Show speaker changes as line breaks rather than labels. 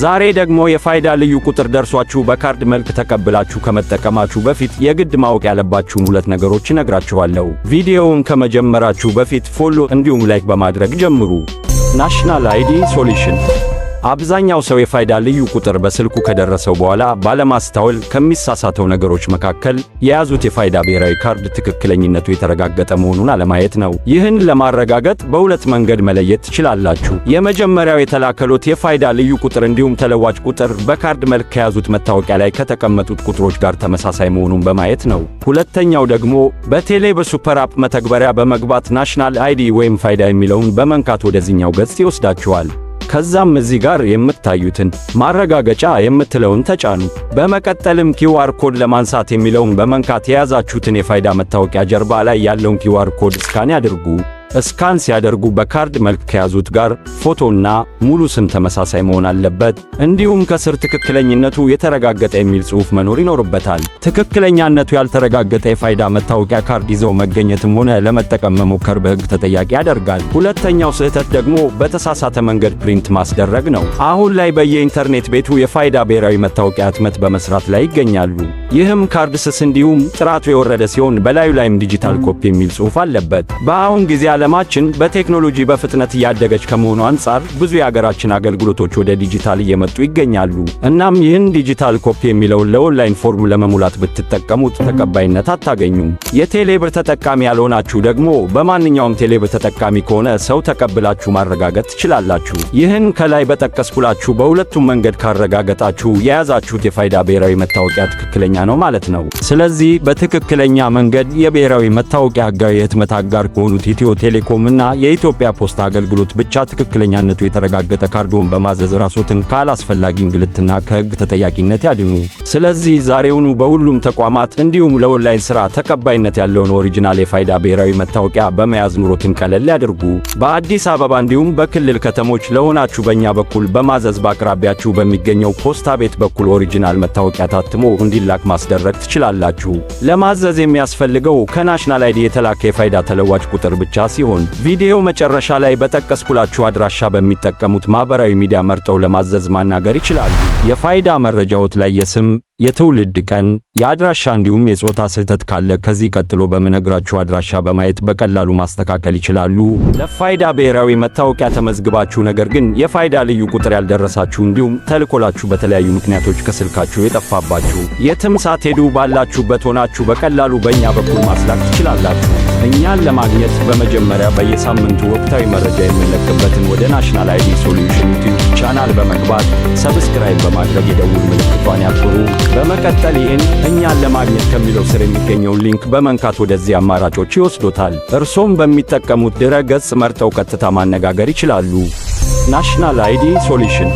ዛሬ ደግሞ የፋይዳ ልዩ ቁጥር ደርሷችሁ በካርድ መልክ ተቀብላችሁ ከመጠቀማችሁ በፊት የግድ ማወቅ ያለባችሁን ሁለት ነገሮች እነግራችኋለሁ። ቪዲዮውን ከመጀመራችሁ በፊት ፎሎ እንዲሁም ላይክ በማድረግ ጀምሩ። ናሽናል አይዲ ሶሉሽን አብዛኛው ሰው የፋይዳ ልዩ ቁጥር በስልኩ ከደረሰው በኋላ ባለማስተዋል ከሚሳሳተው ነገሮች መካከል የያዙት የፋይዳ ብሔራዊ ካርድ ትክክለኝነቱ የተረጋገጠ መሆኑን አለማየት ነው። ይህን ለማረጋገጥ በሁለት መንገድ መለየት ትችላላችሁ። የመጀመሪያው የተላከሎት የፋይዳ ልዩ ቁጥር እንዲሁም ተለዋጭ ቁጥር በካርድ መልክ ከያዙት መታወቂያ ላይ ከተቀመጡት ቁጥሮች ጋር ተመሳሳይ መሆኑን በማየት ነው። ሁለተኛው ደግሞ በቴሌ በሱፐር አፕ መተግበሪያ በመግባት ናሽናል አይዲ ወይም ፋይዳ የሚለውን በመንካት ወደዚህኛው ገጽ ይወስዳችኋል። ከዛም እዚህ ጋር የምታዩትን ማረጋገጫ የምትለውን ተጫኑ። በመቀጠልም ኪውአር ኮድ ለማንሳት የሚለውን በመንካት የያዛችሁትን የፋይዳ መታወቂያ ጀርባ ላይ ያለውን ኪውአር ኮድ ስካን ያድርጉ። እስካን ሲያደርጉ በካርድ መልክ ከያዙት ጋር ፎቶና ሙሉ ስም ተመሳሳይ መሆን አለበት። እንዲሁም ከስር ትክክለኝነቱ የተረጋገጠ የሚል ጽሑፍ መኖር ይኖርበታል። ትክክለኛነቱ ያልተረጋገጠ የፋይዳ መታወቂያ ካርድ ይዘው መገኘትም ሆነ ለመጠቀም መሞከር በሕግ ተጠያቂ ያደርጋል። ሁለተኛው ስህተት ደግሞ በተሳሳተ መንገድ ፕሪንት ማስደረግ ነው። አሁን ላይ በየኢንተርኔት ቤቱ የፋይዳ ብሔራዊ መታወቂያ ህትመት በመስራት ላይ ይገኛሉ። ይህም ካርድ ስስ እንዲሁም ጥራቱ የወረደ ሲሆን በላዩ ላይም ዲጂታል ኮፒ የሚል ጽሑፍ አለበት። በአሁን ጊዜ ዓለማችን በቴክኖሎጂ በፍጥነት እያደገች ከመሆኑ አንጻር ብዙ የአገራችን አገልግሎቶች ወደ ዲጂታል እየመጡ ይገኛሉ። እናም ይህን ዲጂታል ኮፒ የሚለውን ለኦንላይን ፎርም ለመሙላት ብትጠቀሙት ተቀባይነት አታገኙም። የቴሌብር ተጠቃሚ ያልሆናችሁ ደግሞ በማንኛውም ቴሌብር ተጠቃሚ ከሆነ ሰው ተቀብላችሁ ማረጋገጥ ትችላላችሁ። ይህን ከላይ በጠቀስኩላችሁ በሁለቱም መንገድ ካረጋገጣችሁ የያዛችሁት የፋይዳ ብሔራዊ መታወቂያ ትክክለኛ ነው ማለት ነው። ስለዚህ በትክክለኛ መንገድ የብሔራዊ መታወቂያ ህጋዊ የህትመት አጋር ከሆኑት ኢትዮ ቴሌኮምና የኢትዮጵያ ፖስታ አገልግሎት ብቻ ትክክለኛነቱ የተረጋገጠ ካርዶን በማዘዝ ራስዎትን ካላስፈላጊ እንግልትና ከህግ ተጠያቂነት ያድኑ። ስለዚህ ዛሬውኑ በሁሉም ተቋማት እንዲሁም ለኦንላይን ስራ ተቀባይነት ያለውን ኦሪጂናል የፋይዳ ብሔራዊ መታወቂያ በመያዝ ኑሮትን ቀለል ያድርጉ። በአዲስ አበባ እንዲሁም በክልል ከተሞች ለሆናችሁ በእኛ በኩል በማዘዝ በአቅራቢያችሁ በሚገኘው ፖስታ ቤት በኩል ኦሪጂናል መታወቂያ ታትሞ እንዲላክ ማስደረግ ትችላላችሁ። ለማዘዝ የሚያስፈልገው ከናሽናል አይዲ የተላከ የፋይዳ ተለዋጭ ቁጥር ብቻ ሲሆን ቪዲዮ መጨረሻ ላይ በጠቀስኩላችሁ አድራሻ በሚጠቀሙት ማህበራዊ ሚዲያ መርጠው ለማዘዝ ማናገር ይችላሉ። የፋይዳ መረጃዎት ላይ የስም፣ የትውልድ ቀን፣ የአድራሻ እንዲሁም የጾታ ስህተት ካለ ከዚህ ቀጥሎ በምነግራችሁ አድራሻ በማየት በቀላሉ ማስተካከል ይችላሉ። ለፋይዳ ብሔራዊ መታወቂያ ተመዝግባችሁ ነገር ግን የፋይዳ ልዩ ቁጥር ያልደረሳችሁ እንዲሁም ተልኮላችሁ በተለያዩ ምክንያቶች ከስልካችሁ የጠፋባችሁ የትም ሳትሄዱ ባላችሁበት ሆናችሁ በቀላሉ በእኛ በኩል ማስላክ ትችላላችሁ። እኛን ለማግኘት በመጀመሪያ በየሳምንቱ ወቅታዊ መረጃ የምንለቅበትን ወደ ናሽናል አይዲ ሶሉሽን ዩቲዩብ ቻናል በመግባት ሰብስክራይብ በማድረግ የደውል ምልክቷን ያክሩ። በመቀጠል ይህን እኛን ለማግኘት ከሚለው ስር የሚገኘውን ሊንክ በመንካት ወደዚህ አማራጮች ይወስዶታል። እርሶም በሚጠቀሙት ድረ ገጽ መርጠው ቀጥታ ማነጋገር ይችላሉ። ናሽናል አይዲ ሶሉሽን